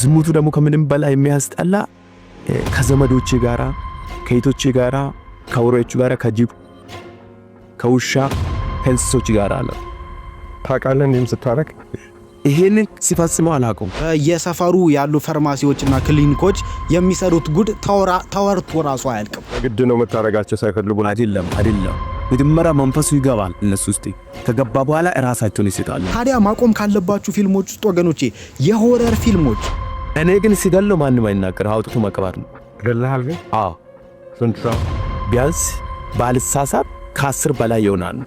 ዝሙቱ ደግሞ ከምንም በላይ የሚያስጠላ ከዘመዶች ጋራ፣ ከይቶች ጋራ፣ ከአውሬዎቹ ጋር ከጅብ፣ ከውሻ፣ ከእንስሶች ጋር አለ ታውቃለህ። እንዲህም ስታረግ ይሄንን ሲፈጽመው አላውቅም። የሰፈሩ ያሉ ፋርማሲዎችና ክሊኒኮች የሚሰሩት ጉድ ተወርቶ ራሱ አያልቅም። ግድ ነው መታረጋቸው ሳይፈልጉ አይደለም፣ አይደለም። መጀመሪያ መንፈሱ ይገባል እነሱ ውስጥ ከገባ በኋላ ራሳቸውን ይስጣሉ። ታዲያ ማቆም ካለባችሁ ፊልሞች ውስጥ ወገኖቼ የሆረር ፊልሞች እኔ ግን ሲገለው ማንም አይናገር፣ አውጥቶ መቅበር ነው። ገለሃል ግን? አዎ። ስንት ሰው? ቢያንስ ባልሳሳብ ከአስር በላይ ይሆናል።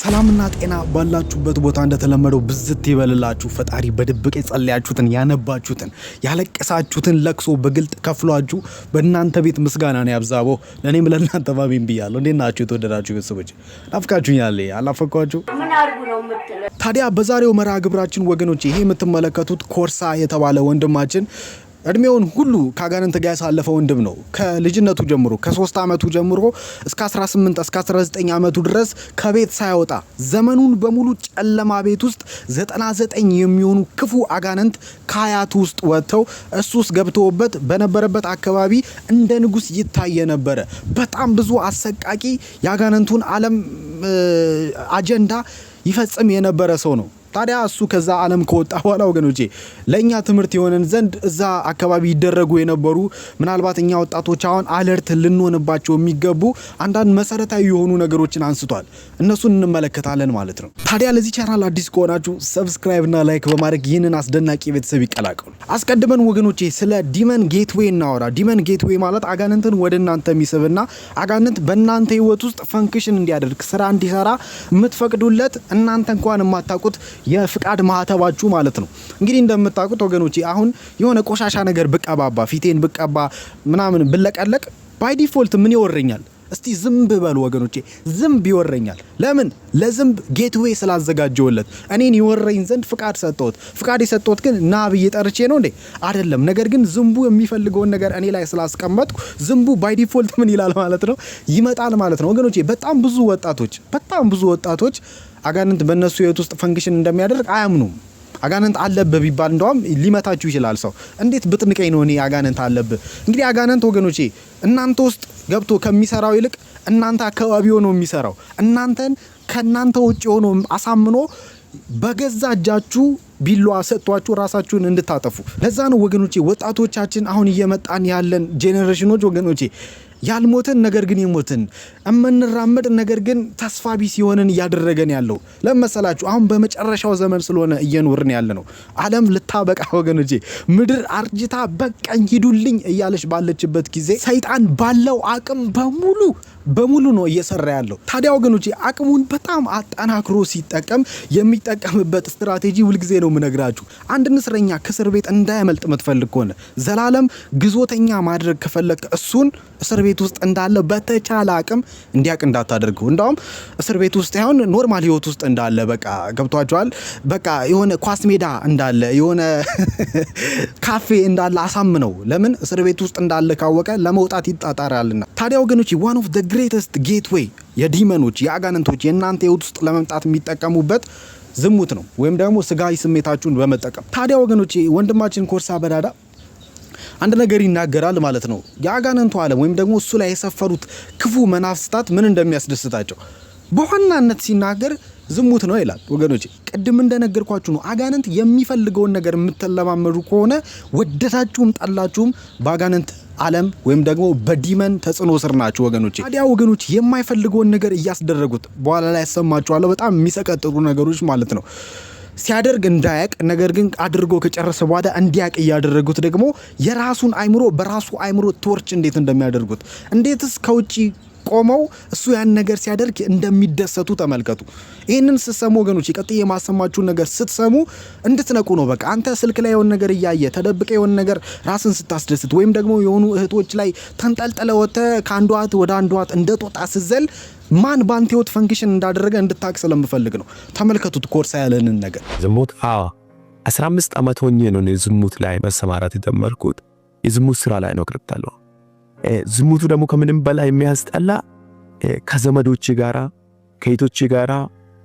ሰላምና ጤና ባላችሁበት ቦታ እንደተለመደው ብዝት ይበልላችሁ። ፈጣሪ በድብቅ የጸለያችሁትን ያነባችሁትን ያለቀሳችሁትን ለቅሶ በግልጥ ከፍሏችሁ በእናንተ ቤት ምስጋና ነው ያብዛቦ። ለእኔም ለእናንተ ባቢን ብያለሁ። እንዴት ናችሁ የተወደዳችሁ ቤተሰቦች? ናፍቃችሁኛል። አላፈኳችሁ። ታዲያ በዛሬው መርሃ ግብራችን ወገኖች ይሄ የምትመለከቱት ኮርሳ የተባለ ወንድማችን እድሜውን ሁሉ ከአጋንንት ጋር ያሳለፈ ወንድም ነው። ከልጅነቱ ጀምሮ ከሶስት ዓመቱ ጀምሮ እስከ 18 እስከ 19 ዓመቱ ድረስ ከቤት ሳያወጣ ዘመኑን በሙሉ ጨለማ ቤት ውስጥ 99 የሚሆኑ ክፉ አጋንንት ከአያቱ ውስጥ ወጥተው እሱ ውስጥ ገብተውበት በነበረበት አካባቢ እንደ ንጉስ ይታየ ነበረ። በጣም ብዙ አሰቃቂ የአጋንንቱን ዓለም አጀንዳ ይፈጽም የነበረ ሰው ነው። ታዲያ እሱ ከዛ ዓለም ከወጣ በኋላ ወገኖቼ ለእኛ ትምህርት የሆነን ዘንድ እዛ አካባቢ ይደረጉ የነበሩ ምናልባት እኛ ወጣቶች አሁን አለርት ልንሆንባቸው የሚገቡ አንዳንድ መሰረታዊ የሆኑ ነገሮችን አንስቷል። እነሱን እንመለከታለን ማለት ነው። ታዲያ ለዚህ ቻናል አዲስ ከሆናችሁ ሰብስክራይብ እና ላይክ በማድረግ ይህንን አስደናቂ ቤተሰብ ይቀላቀሉ። አስቀድመን ወገኖቼ ስለ ዲመን ጌትዌይ እናወራ። ዲመን ጌትዌይ ማለት አጋንንትን ወደ እናንተ የሚስብና አጋንንት በእናንተ ህይወት ውስጥ ፈንክሽን እንዲያደርግ ስራ እንዲሰራ የምትፈቅዱለት እናንተ እንኳን የማታውቁት የፍቃድ ማህተባችሁ ማለት ነው። እንግዲህ እንደምታውቁት ወገኖቼ አሁን የሆነ ቆሻሻ ነገር ብቀባባ ፊቴን ብቀባ ምናምን ብለቀለቅ ባይ ዲፎልት ምን ይወረኛል? እስቲ ዝንብ በሉ ወገኖቼ፣ ዝንብ ይወረኛል። ለምን? ለዝንብ ጌትዌይ ስላዘጋጀውለት እኔን ይወረኝ ዘንድ ፍቃድ ሰጠሁት። ፍቃድ የሰጠሁት ግን ና ብዬ ጠርቼ ነው እንዴ? አይደለም። ነገር ግን ዝንቡ የሚፈልገውን ነገር እኔ ላይ ስላስቀመጥኩ ዝንቡ ባይ ዲፎልት ምን ይላል ማለት ነው? ይመጣል ማለት ነው ወገኖቼ። በጣም ብዙ ወጣቶች በጣም ብዙ ወጣቶች አጋንንት በእነሱ ህይወት ውስጥ ፈንክሽን እንደሚያደርግ አያምኑም። አጋንንት አለብህ ቢባል እንደውም ሊመታችሁ ይችላል ሰው። እንዴት ብጥንቀኝ ነው እኔ አጋንንት አለብህ? እንግዲህ አጋንንት ወገኖቼ እናንተ ውስጥ ገብቶ ከሚሰራው ይልቅ እናንተ አካባቢ ሆኖ የሚሰራው እናንተን ከእናንተ ውጭ ሆኖ አሳምኖ በገዛ እጃችሁ ቢሏ ሰጥቷችሁ ራሳችሁን እንድታጠፉ። ለዛ ነው ወገኖቼ ወጣቶቻችን አሁን እየመጣን ያለን ጄኔሬሽኖች ወገኖቼ ያልሞትን ነገር ግን የሞትን እምንራመድ ነገር ግን ተስፋ ቢስ የሆንን እያደረገን ያለው ለመሰላችሁ አሁን በመጨረሻው ዘመን ስለሆነ እየኖርን ያለ ነው። ዓለም ልታበቃ ወገኖቼ፣ ምድር አርጅታ በቃኝ ሂዱልኝ እያለች ባለችበት ጊዜ ሰይጣን ባለው አቅም በሙሉ በሙሉ ነው እየሰራ ያለው። ታዲያ ወገኖች አቅሙን በጣም አጠናክሮ ሲጠቀም የሚጠቀምበት ስትራቴጂ ሁልጊዜ ነው የምነግራችሁ። አንድን እስረኛ ከእስር ቤት እንዳያመልጥ የምትፈልግ ከሆነ ዘላለም ግዞተኛ ማድረግ ከፈለግ እሱን እስር ቤት ውስጥ እንዳለ በተቻለ አቅም እንዲያቅ እንዳታደርገው። እንዳውም እስር ቤት ውስጥ ይሁን ኖርማል ህይወት ውስጥ እንዳለ በቃ ገብቷቸዋል። በቃ የሆነ ኳስ ሜዳ እንዳለ የሆነ ካፌ እንዳለ አሳምነው። ለምን እስር ቤት ውስጥ እንዳለ ካወቀ ለመውጣት ይጣጣራልና። ታዲያ ወገኖች ዋን ኦፍ ግሬተስት ጌትዌይ የዲመኖች የአጋንንቶች የእናንተ ህይወት ውስጥ ለመምጣት የሚጠቀሙበት ዝሙት ነው፣ ወይም ደግሞ ስጋዊ ስሜታችሁን በመጠቀም ታዲያ ወገኖች ወንድማችን ኮርሳ በዳዳ አንድ ነገር ይናገራል ማለት ነው። የአጋንንቱ ዓለም ወይም ደግሞ እሱ ላይ የሰፈሩት ክፉ መናፍስታት ምን እንደሚያስደስታቸው በዋናነት ሲናገር ዝሙት ነው ይላል። ወገኖች ቅድም እንደነገርኳችሁ ነው። አጋንንት የሚፈልገውን ነገር የምትለማመዱ ከሆነ ወደታችሁም ጠላችሁም በአጋንንት ዓለም ወይም ደግሞ በዲመን ተጽዕኖ ስር ናቸው ወገኖች ታዲያ ወገኖች የማይፈልገውን ነገር እያስደረጉት በኋላ ላይ ያሰማችኋለሁ። በጣም የሚሰቀጥሩ ነገሮች ማለት ነው ሲያደርግ እንዳያቅ ነገር ግን አድርጎ ከጨረሰ በኋላ እንዲያቅ እያደረጉት ደግሞ የራሱን አይምሮ በራሱ አይምሮ ቶርች እንዴት እንደሚያደርጉት እንዴትስ ከውጭ ቆመው እሱ ያን ነገር ሲያደርግ እንደሚደሰቱ ተመልከቱ። ይህንን ስትሰሙ ወገኖች፣ ቀጥዬ የማሰማችሁን ነገር ስትሰሙ እንድትነቁ ነው። በቃ አንተ ስልክ ላይ የሆን ነገር እያየ ተደብቀ የሆን ነገር ራስን ስታስደስት ወይም ደግሞ የሆኑ እህቶች ላይ ተንጠልጠለ ወተ ከአንዷ እህት ወደ አንዷ እህት እንደ ጦጣ ስዘል ማን ባንተ ህይወት ፈንክሽን እንዳደረገ እንድታቅ ስለምፈልግ ነው። ተመልከቱት ኮርሳ ያለንን ነገር ዝሙት። አዎ 15 ዓመት ሆኜ ነው የዝሙት ላይ መሰማራት የጀመርኩት። የዝሙት ስራ ላይ ነው ገብቻለሁ። ዝሙቱ ደግሞ ከምንም በላይ የሚያስጠላ ከዘመዶች ጋራ፣ ከይቶች ጋራ፣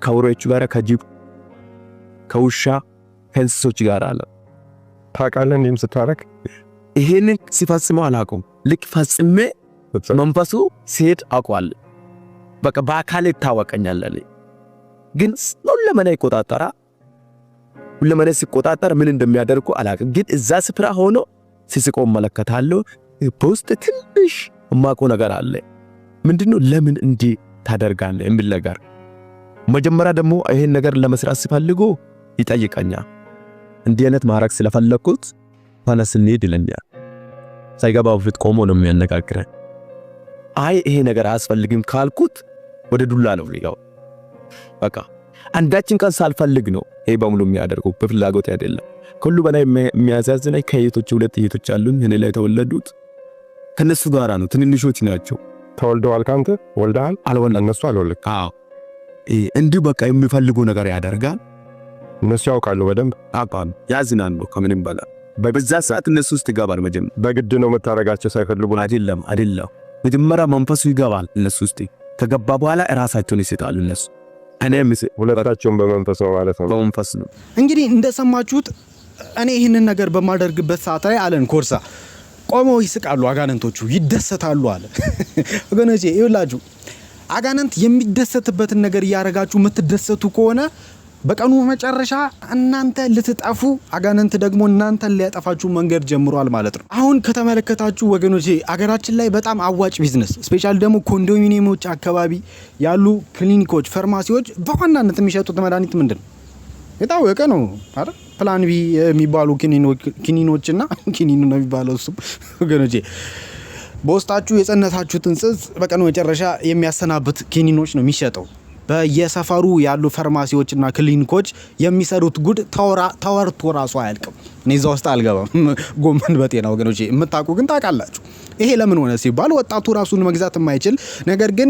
ከአውሬዎች ጋራ፣ ከጅብ፣ ከውሻ፣ ከእንስሶች ጋር አለ ታውቃለህ። እኔም ስታረግ ይሄንን ሲፈጽመው አላውቅም። ልክ ፈጽሜ መንፈሱ ሲሄድ አውቀዋለሁ። በቃ በአካል ይታወቀኛል። ግን ሁለመና ይቆጣጠራ። ሁለመና ሲቆጣጠር ምን እንደሚያደርጉ አላውቅም። ግን እዛ ስፍራ ሆኖ ሲስቆ እመለከታለሁ። ፖስት ትንሽ ማቆ ነገር አለ። ምንድነው? ለምን እንዲ ታደርጋለህ የሚል ነገር መጀመሪያ ደግሞ ይሄን ነገር ለመስራት ሲፈልጉ ይጠይቀኛል። እንዲህ አይነት ማረግ ስለፈለኩት ፋነስ እንሂድ ይለኛል። ሳይገባው ፊት ቆሞ ነው የሚያነጋግረን። አይ ይሄ ነገር አያስፈልግም ካልኩት ወደ ዱላ ነው ሊገው። በቃ አንዳችን ቀን ሳልፈልግ ነው ይሄ በሙሉ የሚያደርገው፣ በፍላጎት አይደለም። ከሁሉ በላይ የሚያሳዝነኝ ከእህቶች ሁለት እህቶች አሉኝ እኔ ላይ የተወለዱት ከነሱ ጋራ ነው። ትንንሾች ናቸው። ተወልደዋል። ካንተ ወልደሃል? አልወለድኩም። እነሱ አልወለድኩም። አዎ እንዲሁ በቃ የሚፈልጉ ነገር ያደርጋል። እነሱ ያውቃሉ በደንብ ያዝናን ነው ከምንም በላ በዛ ሰዓት እነሱ ውስጥ ይገባል። መጀመሪያ በግድ ነው መታረጋቸው ሳይፈልጉ አይደለም፣ አይደለም። መጀመሪያ መንፈሱ ይገባል እነሱ ውስጥ ከገባ በኋላ እራሳቸውን ይሰጣሉ እነሱ እኔም ሁለታቸውን በመንፈስ ነው ማለት ነው። በመንፈስ ነው እንግዲህ እንደሰማችሁት። እኔ ይህንን ነገር በማደርግበት ሰዓት ላይ አለን ኮርሳ ቆመው ይስቃሉ፣ አጋንንቶቹ ይደሰታሉ አለ። ወገኖች ይውላጁ አጋንንት የሚደሰትበትን ነገር እያረጋችሁ የምትደሰቱ ከሆነ በቀኑ መጨረሻ እናንተ ልትጠፉ አጋንንት ደግሞ እናንተን ሊያጠፋችሁ መንገድ ጀምሯል ማለት ነው። አሁን ከተመለከታችሁ ወገኖቼ አገራችን ላይ በጣም አዋጭ ቢዝነስ ስፔሻል ደግሞ ኮንዶሚኒየሞች አካባቢ ያሉ ክሊኒኮች፣ ፋርማሲዎች በዋናነት የሚሸጡት መድኃኒት ምንድን ነው? የታወቀ ነው አይደል? ፕላን ቢ የሚባሉ ኪኒኖች እና ኪኒኑ ነው የሚባለው እሱም ወገኖቼ በውስጣችሁ የጸነታችሁትን ጽንስ በቀን መጨረሻ የሚያሰናብት ኪኒኖች ነው የሚሸጠው። በየሰፈሩ ያሉ ፋርማሲዎችና ክሊኒኮች የሚሰሩት ጉድ ተወርቶ ራሱ አያልቅም። እኔ እዛ ውስጥ አልገባም። ጎመን በጤና ወገኖች የምታውቁ ግን ታውቃላችሁ። ይሄ ለምን ሆነ ሲባል ወጣቱ ራሱን መግዛት የማይችል ነገር ግን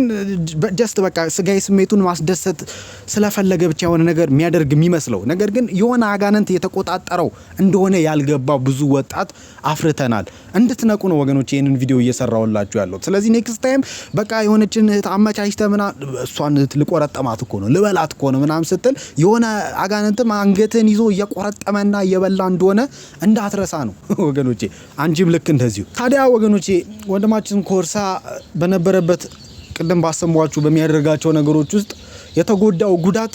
ጀስት በቃ ስጋዊ ስሜቱን ማስደሰት ስለፈለገ ብቻ የሆነ ነገር የሚያደርግ የሚመስለው ነገር ግን የሆነ አጋንንት የተቆጣጠረው እንደሆነ ያልገባ ብዙ ወጣት አፍርተናል። እንድትነቁ ነው ወገኖች ይህንን ቪዲዮ እየሰራውላችሁ ያለው። ስለዚህ ኔክስት ታይም በቃ የሆነችን እህት አመቻችተህ ምና እሷን ልቆረጠማት እኮ ነው ልበላት እኮ ነው ምናም ስትል የሆነ አጋንንትም አንገትን ይዞ እየቆረጠመና እየበላ እንደሆነ እንዳትረሳ ነው ወገኖቼ። አንቺም ልክ እንደዚሁ። ታዲያ ወገኖቼ ወንድማችን ኮርሳ በነበረበት ቅድም ባሰሟችሁ በሚያደርጋቸው ነገሮች ውስጥ የተጎዳው ጉዳት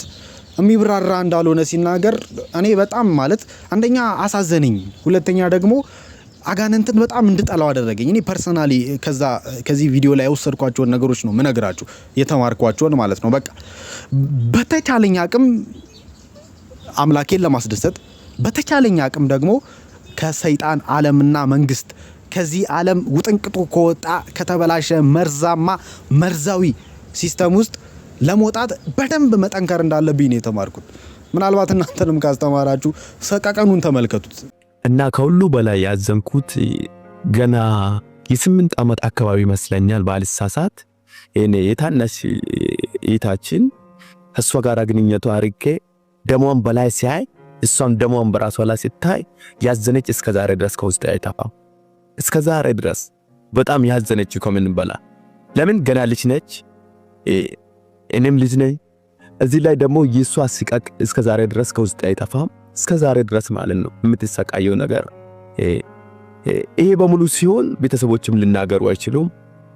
የሚብራራ እንዳልሆነ ሲናገር እኔ በጣም ማለት አንደኛ አሳዘነኝ፣ ሁለተኛ ደግሞ አጋንንትን በጣም እንድጠላው አደረገኝ። እኔ ፐርሰናሊ ከዛ ከዚህ ቪዲዮ ላይ የወሰድኳቸውን ነገሮች ነው ምነግራችሁ የተማርኳቸውን ማለት ነው። በቃ በተቻለኝ አቅም አምላኬን ለማስደሰት በተቻለኝ አቅም ደግሞ ከሰይጣን ዓለምና መንግስት ከዚህ ዓለም ውጥንቅጡ ከወጣ ከተበላሸ መርዛማ መርዛዊ ሲስተም ውስጥ ለመውጣት በደንብ መጠንከር እንዳለብኝ ነው የተማርኩት። ምናልባት እናንተንም ካስተማራችሁ ሰቀቀኑን ተመልከቱት። እና ከሁሉ በላይ ያዘንኩት ገና የስምንት ዓመት አካባቢ ይመስለኛል ባልሳሳት እኔ የታናሽ እህታችን እሷ ጋር ግንኙነቱ አርጌ ደሞን በላይ ሲያይ እሷም ደሟን በራሷ ላይ ስታይ ያዘነች እስከ ዛሬ ድረስ ከውስጥ አይጠፋም። እስከ ዛሬ ድረስ በጣም ያዘነች ከምን በላ ለምን ገና ልጅ ነች፣ እኔም ልጅ ነኝ። እዚህ ላይ ደግሞ የእሷ ሲቀቅ እስከ ዛሬ ድረስ ከውስጥ አይጠፋም። እስከ ዛሬ ድረስ ማለት ነው የምትሰቃየው ነገር ይሄ በሙሉ ሲሆን ቤተሰቦችም ልናገሩ አይችሉም።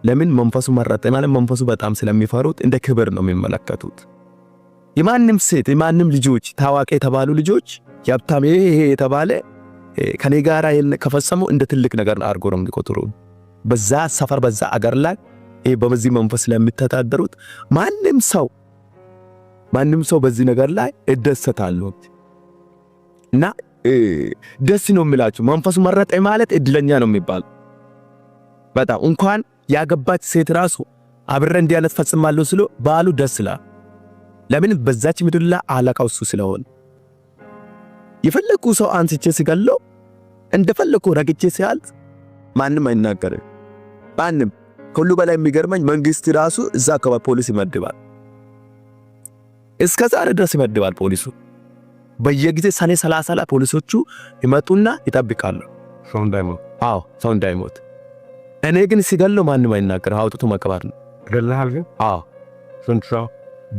ለምን መንፈሱ መረጠ ማለት መንፈሱ በጣም ስለሚፈሩት እንደ ክብር ነው የሚመለከቱት። የማንም ሴት የማንም ልጆች ታዋቂ የተባሉ ልጆች የሀብታም ይሄ የተባለ ከኔ ጋር ከፈጸመው እንደ ትልቅ ነገር አድርጎ ነው የሚቆጥሩ። በዛ ሰፈር በዛ አገር ላይ ይሄ በዚህ መንፈስ ለሚተዳደሩት ማንም ሰው ማንም ሰው በዚህ ነገር ላይ እደሰታለሁ እና ደስ ነው የሚላችሁ። መንፈሱ መረጠ ማለት እድለኛ ነው የሚባል በጣም እንኳን ያገባች ሴት ራሱ አብረ አይነት ፈጽማለሁ ስሎ ባሉ ደስ ይላል። ለምን? በዛች ምድር ላይ አለቃው እሱ ስለሆነ የፈለኩ ሰው አንስቼ ስገለው እንደፈለኩ ረግቼ ሲያልፍ ማንም አይናገርም። ማንም ከሁሉ በላይ የሚገርመኝ መንግስት ራሱ እዛ አካባቢ ፖሊስ ይመድባል። እስከ ዛሬ ድረስ ይመድባል። ፖሊሱ በየጊዜ ሰኔ 30 ላይ ፖሊሶቹ ይመጡና ይጠብቃሉ፣ ሰው እንዳይሞት። አዎ ሰው እንዳይሞት። እኔ ግን ሲገለው ማንም አይናገርም አውጥቶ መቀበር ነው። ገለሃል ግን? አዎ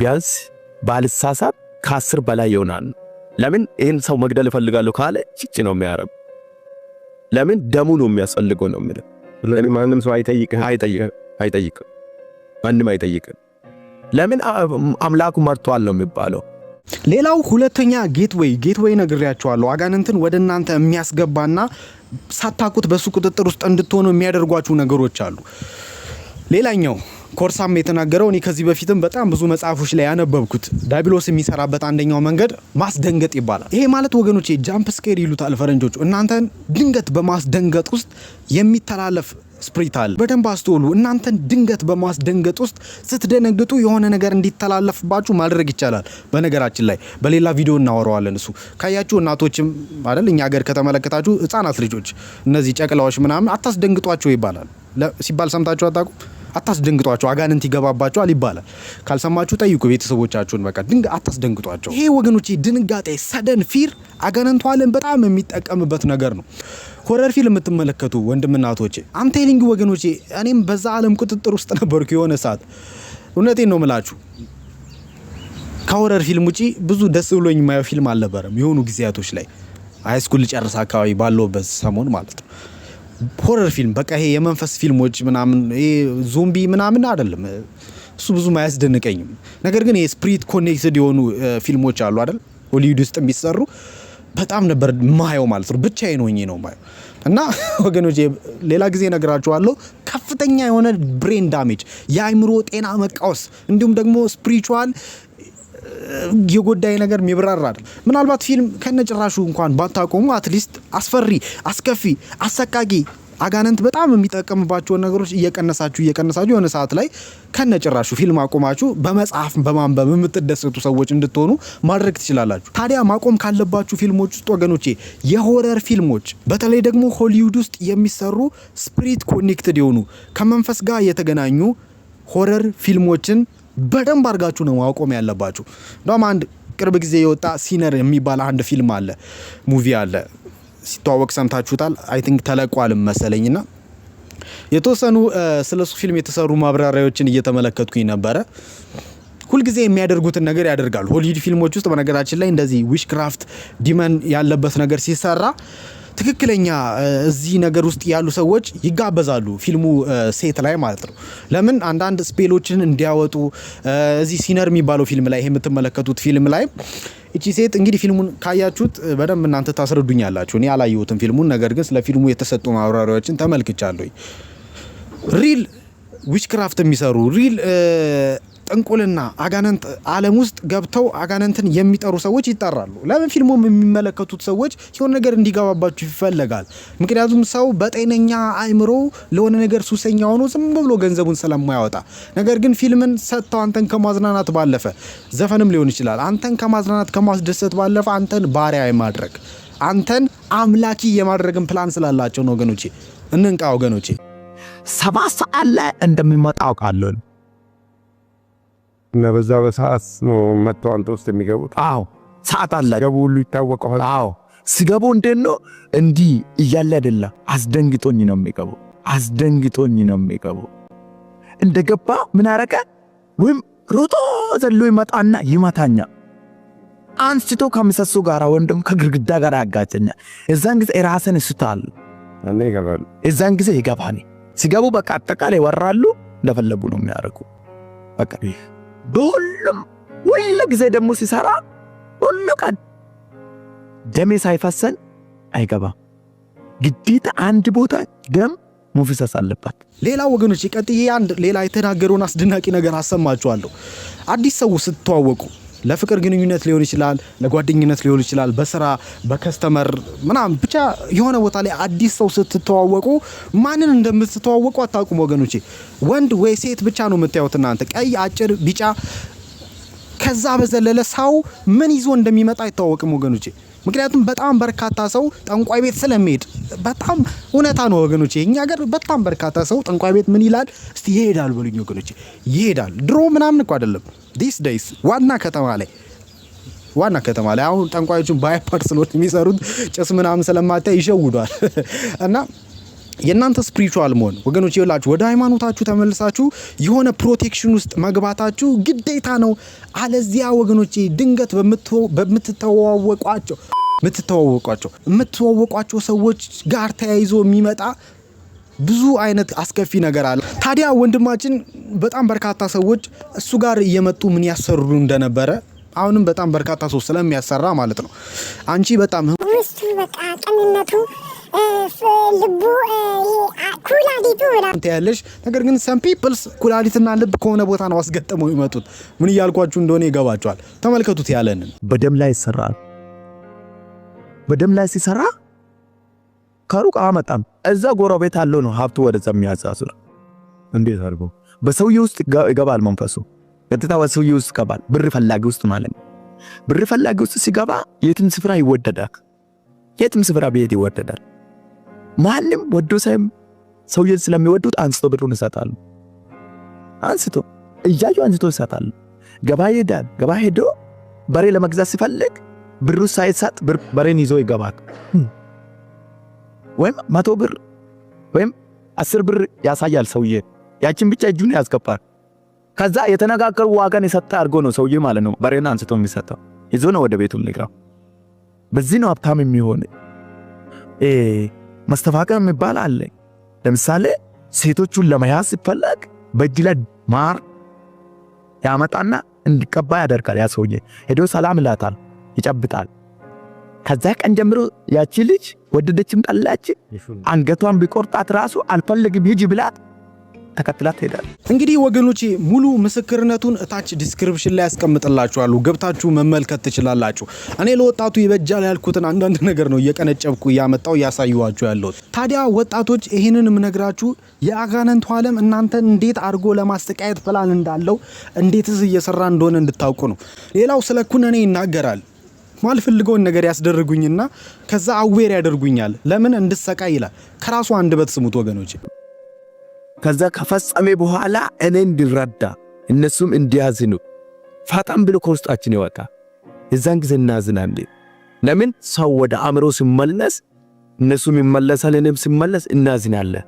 ቢያንስ ባልሳሳት ከአስር በላይ ይሆናል። ለምን ይህን ሰው መግደል እፈልጋለሁ ካለ ጭጭ ነው የሚያረብ። ለምን ደሙ ነው የሚያስፈልገው ነው የሚል ማንም ሰው አይጠይቅህ አይጠይቅህ ማንም አይጠይቅህ። ለምን አምላኩ መርቷል ነው የሚባለው። ሌላው ሁለተኛ ጌትዌይ ጌትዌይ ነግሬያቸዋለሁ። አጋንንትን ወደ እናንተ የሚያስገባና ሳታቁት በሱ ቁጥጥር ውስጥ እንድትሆኑ የሚያደርጓችሁ ነገሮች አሉ። ሌላኛው ኮርሳም የተናገረው እኔ ከዚህ በፊትም በጣም ብዙ መጽሐፎች ላይ ያነበብኩት ዳቢሎስ የሚሰራበት አንደኛው መንገድ ማስደንገጥ ይባላል። ይሄ ማለት ወገኖቼ ጃምፕ ስኬር ይሉታል ፈረንጆቹ። እናንተን ድንገት በማስደንገጥ ውስጥ የሚተላለፍ ስፕሪት አለ። በደንብ አስተውሉ። እናንተን ድንገት በማስደንገጥ ውስጥ ስትደነግጡ የሆነ ነገር እንዲተላለፍባችሁ ማድረግ ይቻላል። በነገራችን ላይ በሌላ ቪዲዮ እናወረዋለን እሱ ካያችሁ እናቶችም አይደል እኛ ሀገር ከተመለከታችሁ ህጻናት ልጆች እነዚህ ጨቅላዎች ምናምን አታስደንግጧቸው ይባላል ሲባል ሰምታችሁ አታውቁም? አታስደንግጧቸው፣ አጋንንት ይገባባቸዋል ይባላል። ካልሰማችሁ ጠይቁ ቤተሰቦቻችሁን። በቃ ድንግ አታስደንግጧቸው። ይሄ ወገኖች ድንጋጤ፣ ሰደን ፊር አጋንንቱ ዓለም በጣም የሚጠቀምበት ነገር ነው። ሆረር ፊልም የምትመለከቱ ወንድምናቶቼ፣ አምቴሊንግ ወገኖቼ፣ እኔም በዛ ዓለም ቁጥጥር ውስጥ ነበርኩ የሆነ ሰዓት። እውነቴን ነው ምላችሁ ከሆረር ፊልም ውጪ ብዙ ደስ ብሎኝ የማየው ፊልም አልነበረም። የሆኑ ጊዜያቶች ላይ ሃይስኩል ጨርስ አካባቢ ባለውበት ሰሞን ማለት ነው። ሆረር ፊልም በቃ ይሄ የመንፈስ ፊልሞች ምናምን ይሄ ዞምቢ ምናምን አይደለም። እሱ ብዙም አያስደንቀኝም። ነገር ግን የስፕሪት ኮኔክትድ የሆኑ ፊልሞች አሉ አይደል ሆሊውድ ውስጥ የሚሰሩ በጣም ነበር ማየው ማለት ነው። ብቻዬን ሆኜ ነው ማየው እና ወገኖች ሌላ ጊዜ እነግራችኋለሁ። ከፍተኛ የሆነ ብሬን ዳሜጅ፣ የአይምሮ ጤና መቃወስ እንዲሁም ደግሞ ስፕሪቹዋል የጎዳይ ነገር የሚብራራ አይደል። ምናልባት ፊልም ከነጭራሹ እንኳን ባታቆሙ አትሊስት አስፈሪ፣ አስከፊ፣ አሰቃቂ አጋንንት በጣም የሚጠቀምባቸውን ነገሮች እየቀነሳችሁ እየቀነሳችሁ የሆነ ሰዓት ላይ ከነጭራሹ ፊልም አቆማችሁ በመጽሐፍ በማንበብ የምትደሰቱ ሰዎች እንድትሆኑ ማድረግ ትችላላችሁ። ታዲያ ማቆም ካለባችሁ ፊልሞች ውስጥ ወገኖቼ የሆረር ፊልሞች በተለይ ደግሞ ሆሊውድ ውስጥ የሚሰሩ ስፕሪት ኮኔክትድ የሆኑ ከመንፈስ ጋር የተገናኙ ሆረር ፊልሞችን በደንብ አድርጋችሁ ነው ማቆም ያለባችሁ። እንደውም አንድ ቅርብ ጊዜ የወጣ ሲነር የሚባል አንድ ፊልም አለ ሙቪ አለ ሲተዋወቅ ሰምታችሁታል። አይ ቲንክ ተለቋልም መሰለኝና የተወሰኑ ስለ እሱ ፊልም የተሰሩ ማብራሪያዎችን እየተመለከትኩኝ ነበረ። ሁልጊዜ የሚያደርጉትን ነገር ያደርጋሉ። ሆሊውድ ፊልሞች ውስጥ በነገራችን ላይ እንደዚህ ዊሽክራፍት ዲመን ያለበት ነገር ሲሰራ ትክክለኛ እዚህ ነገር ውስጥ ያሉ ሰዎች ይጋበዛሉ፣ ፊልሙ ሴት ላይ ማለት ነው። ለምን አንዳንድ ስፔሎችን እንዲያወጡ እዚህ ሲነር የሚባለው ፊልም ላይ ይሄ የምትመለከቱት ፊልም ላይ እቺ ሴት እንግዲህ ፊልሙን ካያችሁት በደንብ እናንተ ታስረዱኛላችሁ። እኔ አላየሁትም ፊልሙን፣ ነገር ግን ስለ ፊልሙ የተሰጡ ማብራሪያዎችን ተመልክቻለሁ። ሪል ዊችክራፍት የሚሰሩ ሪል ጥንቁልና አጋንንት ዓለም ውስጥ ገብተው አጋንንትን የሚጠሩ ሰዎች ይጠራሉ። ለምን ፊልሙም የሚመለከቱት ሰዎች የሆነ ነገር እንዲገባባችሁ ይፈለጋል። ምክንያቱም ሰው በጤነኛ አእምሮ ለሆነ ነገር ሱሰኛ ሆኖ ዝም ብሎ ገንዘቡን ስለማያወጣ፣ ነገር ግን ፊልምን ሰጥተው አንተን ከማዝናናት ባለፈ ዘፈንም ሊሆን ይችላል አንተን ከማዝናናት ከማስደሰት ባለፈ አንተን ባሪያ የማድረግ አንተን አምላኪ የማድረግን ፕላን ስላላቸው ነው። ወገኖቼ እንንቃ። ወገኖቼ ሰባት ሰዓት ላይ እንደሚመጣ አውቃለሁ። እና በዛ በሰዓት ነው መጥተው አንተ ውስጥ የሚገቡት። አዎ ሰዓት አላቸው። ገቡ ሁሉ ይታወቀዋል። አዎ ስገቡ እንዴት ነው እንዲህ እያለ አደላ አስደንግጦኝ ነው የሚገቡ። አስደንግጦኝ ነው የሚገቡ። እንደገባ ምን አረቀ ወይም ሮጦ ዘሎ ይመጣና ይመታኛ አንስቶ ከምሰሶ ጋር ወንድም ከግርግዳ ጋር ያጋጨኛ። እዛን ጊዜ ራስን ስታል እዛን ጊዜ ይገባኔ ሲገቡ በቃ አጠቃላይ ይወራሉ። እንደፈለጉ ነው የሚያደርጉ በቃ በሁሉም ሁሉ ጊዜ ደግሞ ሲሰራ ሁሉ ቀን ደሜ ሳይፈሰን አይገባም። ግዴታ አንድ ቦታ ደም መፍሰስ አለባት። ሌላ ወገኖች ቀጥዬ አንድ ሌላ የተናገረውን አስደናቂ ነገር አሰማችኋለሁ። አዲስ ሰው ስትተዋወቁ ለፍቅር ግንኙነት ሊሆን ይችላል፣ ለጓደኝነት ሊሆን ይችላል፣ በስራ በከስተመር ምናምን ብቻ የሆነ ቦታ ላይ አዲስ ሰው ስትተዋወቁ ማንን እንደምትተዋወቁ አታውቁም ወገኖቼ። ወንድ ወይ ሴት ብቻ ነው የምታዩት እናንተ ቀይ፣ አጭር፣ ቢጫ ከዛ በዘለለ ሰው ምን ይዞ እንደሚመጣ አይታወቅም ወገኖቼ። ምክንያቱም በጣም በርካታ ሰው ጠንቋይ ቤት ስለሚሄድ በጣም እውነታ ነው ወገኖች። እኛ ሀገር በጣም በርካታ ሰው ጠንቋይ ቤት ምን ይላል እስቲ ይሄዳል በሉኝ ወገኖች፣ ይሄዳል። ድሮ ምናምን እኮ አይደለም ዲስ ደይስ ዋና ከተማ ላይ ዋና ከተማ ላይ አሁን ጠንቋዮቹን ባይፓርስ ስለሆነ የሚሰሩት ጭስ ምናምን ስለማታይ ይሸውዷል እና የእናንተ ስፕሪቹዋል መሆን ወገኖች ይላችሁ ወደ ሃይማኖታችሁ ተመልሳችሁ የሆነ ፕሮቴክሽን ውስጥ መግባታችሁ ግዴታ ነው። አለዚያ ወገኖች ድንገት በምትተዋወቋቸው ምትተዋወቋቸው የምትተዋወቋቸው ሰዎች ጋር ተያይዞ የሚመጣ ብዙ አይነት አስከፊ ነገር አለ። ታዲያ ወንድማችን በጣም በርካታ ሰዎች እሱ ጋር እየመጡ ምን ያሰሩ እንደነበረ አሁንም በጣም በርካታ ሰው ስለሚያሰራ ማለት ነው አንቺ በጣም ውስጡ በቃ ቅንነቱ ልቡ ኩላሊቱ ያለሽ ነገር ግን ሰም ፒፕልስ ኩላሊትና ልብ ከሆነ ቦታ ነው አስገጥመው ይመጡት። ምን እያልኳችሁ እንደሆነ ይገባችኋል። ተመልከቱት። ያለንን በደም ላይ ይሰራል። በደም ላይ ሲሰራ ከሩቅ አመጣም። እዛ ጎረቤት አለው ነው ሀብቱ ወደዛ የሚያዛዝር እንዴት አድርጎ በሰውዬው ውስጥ ይገባል። መንፈሱ ቀጥታ በሰውዬው ውስጥ ይገባል። ብር ፈላጊ ውስጥ ማለት ነው። ብር ፈላጊ ውስጥ ሲገባ የትም ስፍራ ይወደዳል። የትም ስፍራ ብሄድ ይወደዳል። ማንም ወዶ ሳይም ሰውዬን ስለሚወዱት አንስቶ ብሩን ይሰጣሉ። አንስቶ እያዩ አንስቶ ይሰጣሉ። ገባ ይሄዳል። ገባ ሄዶ በሬ ለመግዛት ሲፈልግ ብሩ ሳይሰጥ በሬን ይዞ ይገባል። ወይም መቶ ብር ወይም አስር ብር ያሳያል ሰውዬ ያችን ብቻ እጁን ያስገባል። ከዛ የተነጋገሩ ዋጋን የሰጠ አድርጎ ነው ሰውዬ ማለት ነው በሬን አንስቶ የሚሰጠው ይዞ ነው ወደ ቤቱ ሊገባ። በዚህ ነው ሀብታም የሚሆን መስተፋቀር የሚባል አለ። ለምሳሌ ሴቶቹን ለመያዝ ሲፈለግ በእጅ ላይ ማር ያመጣና እንዲቀባ ያደርጋል። ያ ሰውዬ ሄዶ ሰላም ይላታል፣ ይጨብጣል። ከዛ ቀን ጀምሮ ያቺ ልጅ ወደደችም ጠላች፣ አንገቷን ቢቆርጣት ራሱ አልፈልግም ሂጂ ብላት ተከትላት ትሄዳል። እንግዲህ ወገኖቼ ሙሉ ምስክርነቱን እታች ዲስክሪፕሽን ላይ ያስቀምጥላችኋሉ፣ ገብታችሁ መመልከት ትችላላችሁ። እኔ ለወጣቱ ይበጃል ያልኩትን አንዳንድ ነገር ነው እየቀነጨብኩ እያመጣው እያሳዩዋችሁ ያለሁት። ታዲያ ወጣቶች ይህንን የምነግራችሁ የአጋነንቱ ዓለም እናንተ እንዴት አድርጎ ለማስተቃየት ፕላን እንዳለው እንዴትስ እየሰራ እንደሆነ እንድታውቁ ነው። ሌላው ስለ ኩነኔ ይናገራል። ማልፈልገውን ነገር ያስደርጉኝና ከዛ አዌር ያደርጉኛል፣ ለምን እንድሰቃይ ይላል። ከራሱ አንደበት ስሙት ወገኖች። ከዛ ከፈጸሜ በኋላ እኔ እንድረዳ እነሱም እንዲያዝኑ ፈጣን ብሎ ከውስጣችን ይወጣ። የዛን ጊዜ እናዝናለን። ለምን ሰው ወደ አእምሮ ሲመለስ እነሱም ይመለሳል፣ እኔም ሲመለስ እናዝናለን።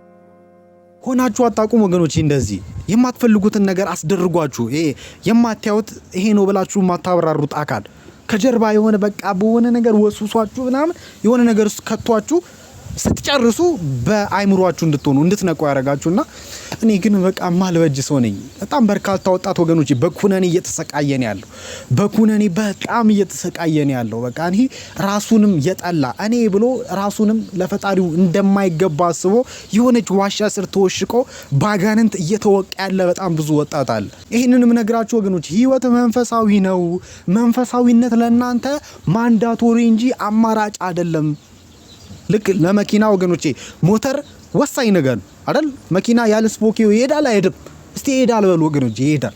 ሆናችሁ አጣቁም ወገኖች። እንደዚህ የማትፈልጉትን ነገር አስደርጓችሁ የማታዩት ይሄ ነው ብላችሁ የማታብራሩት አካል ከጀርባ የሆነ በቃ በሆነ ነገር ወሱሷችሁ ምናምን የሆነ ነገር ከቷችሁ ስትጨርሱ በአይምሯችሁ እንድትሆኑ እንድትነቁ ያደረጋችሁና እኔ ግን በቃ ማልበጅ ሰው ነኝ። በጣም በርካታ ወጣት ወገኖች በኩነኔ እየተሰቃየን ያለው በኩነኔ በጣም እየተሰቃየን ያለው በቃ እኔ ራሱንም የጠላ እኔ ብሎ ራሱንም ለፈጣሪው እንደማይገባ አስቦ የሆነች ዋሻ ስር ተወሽቆ ባጋንንት እየተወቀ ያለ በጣም ብዙ ወጣት አለ። ይህንንም ነግራችሁ ወገኖች ህይወት መንፈሳዊ ነው። መንፈሳዊነት ለእናንተ ማንዳቶሪ እንጂ አማራጭ አይደለም። ልክ ለመኪና ወገኖቼ ሞተር ወሳኝ ነገር ነው አይደል? መኪና ያለ ስፖኪዮ ይሄዳል አይሄድም? እስቲ ይሄዳል በሉ ወገኖቼ፣ ይሄዳል።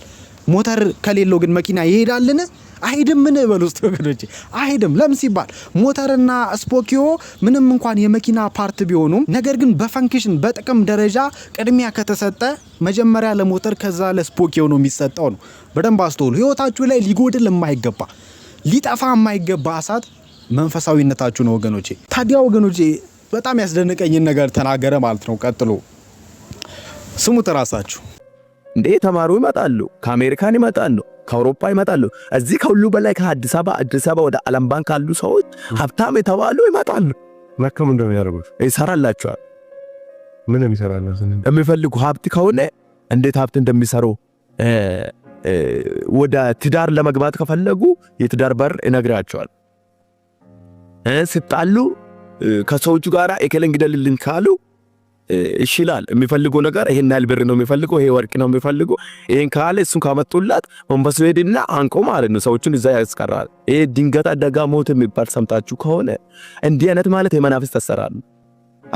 ሞተር ከሌለው ግን መኪና ይሄዳልን? አይሄድም። ምን በሉ ውስጥ ወገኖቼ፣ አይሄድም። ለምን ሲባል ሞተርና ስፖኪዮ ምንም እንኳን የመኪና ፓርት ቢሆኑም ነገር ግን በፈንክሽን በጥቅም ደረጃ ቅድሚያ ከተሰጠ መጀመሪያ ለሞተር ከዛ ለስፖኪዮ ነው የሚሰጠው ነው። በደንብ አስተውሉ። ህይወታችሁ ላይ ሊጎድል የማይገባ ሊጠፋ የማይገባ እሳት መንፈሳዊነታችሁ ነው ወገኖቼ። ታዲያ ወገኖቼ በጣም ያስደንቀኝን ነገር ተናገረ ማለት ነው። ቀጥሎ ስሙት ራሳችሁ እንዴ ተማሩ ይመጣሉ፣ ከአሜሪካን ይመጣሉ፣ ከአውሮፓ ይመጣሉ። እዚህ ከሁሉ በላይ ከአዲስ አበባ አዲስ አበባ ወደ ዓለም ባንክ ካሉ ሰዎች ሀብታም የተባሉ ይመጣሉ። መከም እንደሚያደርጉት ይሰራላችኋል። ምን የሚሰራላቸው የሚፈልጉ ሀብት ከሆነ እንዴት ሀብት እንደሚሰሩ ወደ ትዳር ለመግባት ከፈለጉ የትዳር በር ይነግራቸዋል። ስጣሉ ከሰዎቹ ጋር ኤከለን ግደልልን ካሉ እሺ ይላል። ነገር ይሄን ያህል ብር ነው የሚፈልገው፣ ይሄ ወርቅ ነው የሚፈልገው። ይሄን ካለ እሱን ካመጡላት መንፈሱ ሄድና አንቆ ማለት ነው ሰዎቹን እዛ ያስቀራል። ይሄ ድንገት አደጋ ሞት የሚባል ሰምታችሁ ከሆነ እንዲህ አይነት ማለት የመናፍስ ተሰራሉ።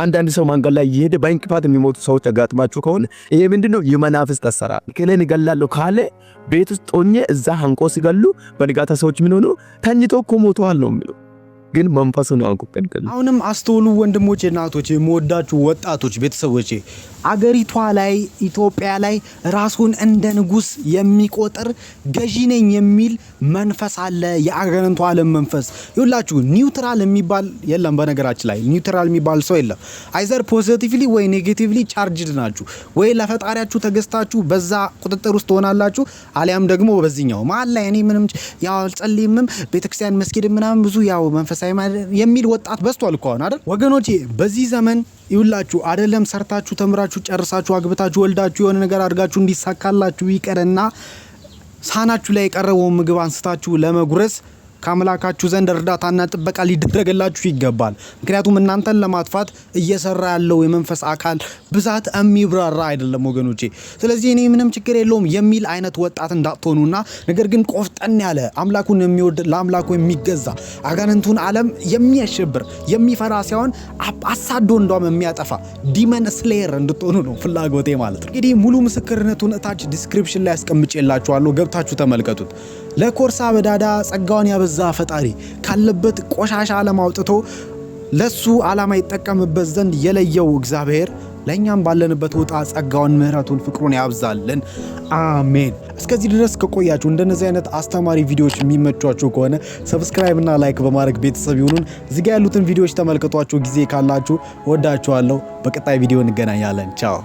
አንዳንድ ሰው መንገድ ላይ እየሄደ በእንቅፋት የሚሞቱ ሰዎች አጋጥማችሁ ከሆነ ይሄ ምንድነው? የመናፍስ አሰራር። ኤከለን ይገላለሁ ካለ ቤት ውስጥ ጦኜ እዛ አንቆ ሲገሉ በንጋታ ሰዎች ምን ሆኑ ተኝቶ እኮ ሞተዋል ነው የሚለው ግን መንፈስ ነው አቁቀን ከል አሁንም አስተውሉ ወንድሞቼ፣ እናቶቼ፣ የምወዳችሁ ወጣቶች ቤተሰቦቼ፣ አገሪቷ ላይ ኢትዮጵያ ላይ ራሱን እንደ ንጉስ የሚቆጥር ገዢ ነኝ የሚል መንፈስ አለ፣ የአጋንንቱ ዓለም መንፈስ። ይሁላችሁ ኒውትራል የሚባል የለም። በነገራችን ላይ ኒውትራል የሚባል ሰው የለም። አይዘር ፖዚቲቭሊ ወይ ኔጌቲቭሊ ቻርጅድ ናችሁ። ወይ ለፈጣሪያችሁ ተገዝታችሁ በዛ ቁጥጥር ውስጥ ትሆናላችሁ፣ አሊያም ደግሞ በዚኛው መሀል ላይ እኔ ምንም ያው አልጸልይምም ቤተክርስቲያን መስጊድ ምናምን ብዙ ያው መንፈሳዊ የሚል ወጣት በዝቷል እኮ አሁን አይደል ወገኖቼ በዚህ ዘመን ይውላችሁ አይደለም ሰርታችሁ ተምራችሁ ጨርሳችሁ አግብታችሁ ወልዳችሁ የሆነ ነገር አድርጋችሁ እንዲሳካላችሁ ይቀርና ሳህናችሁ ላይ የቀረበውን ምግብ አንስታችሁ ለመጉረስ ከአምላካችሁ ዘንድ እርዳታና ጥበቃ ሊደረግላችሁ ይገባል። ምክንያቱም እናንተን ለማጥፋት እየሰራ ያለው የመንፈስ አካል ብዛት የሚብራራ አይደለም ወገኖቼ። ስለዚህ እኔ ምንም ችግር የለውም የሚል አይነት ወጣት እንዳትሆኑና ነገር ግን ቆፍጠን ያለ አምላኩን የሚወድ ለአምላኩ የሚገዛ አጋንንቱን ዓለም የሚያሸብር የሚፈራ ሳይሆን አሳዶ እንዷም የሚያጠፋ ዲመን ስሌየር እንድትሆኑ ነው ፍላጎቴ ማለት ነው። እንግዲህ ሙሉ ምስክርነቱን እታች ዲስክሪፕሽን ላይ አስቀምጬላችኋለሁ ገብታችሁ ተመልከቱት። ለኮርሳ በዳዳ ጸጋውን ያበዛ ፈጣሪ ካለበት ቆሻሻ ዓለም አውጥቶ ለሱ ዓላማ ይጠቀምበት ዘንድ የለየው እግዚአብሔር ለእኛም ባለንበት ውጣ ጸጋውን፣ ምሕረቱን፣ ፍቅሩን ያብዛልን። አሜን። እስከዚህ ድረስ ከቆያችሁ እንደነዚህ አይነት አስተማሪ ቪዲዮዎች የሚመቿችሁ ከሆነ ሰብስክራይብ እና ላይክ በማድረግ ቤተሰብ ይሁኑን። እዚጋ ያሉትን ቪዲዮዎች ተመልክቷችሁ ጊዜ ካላችሁ ወዳችኋለሁ። በቀጣይ ቪዲዮ እንገናኛለን። ቻው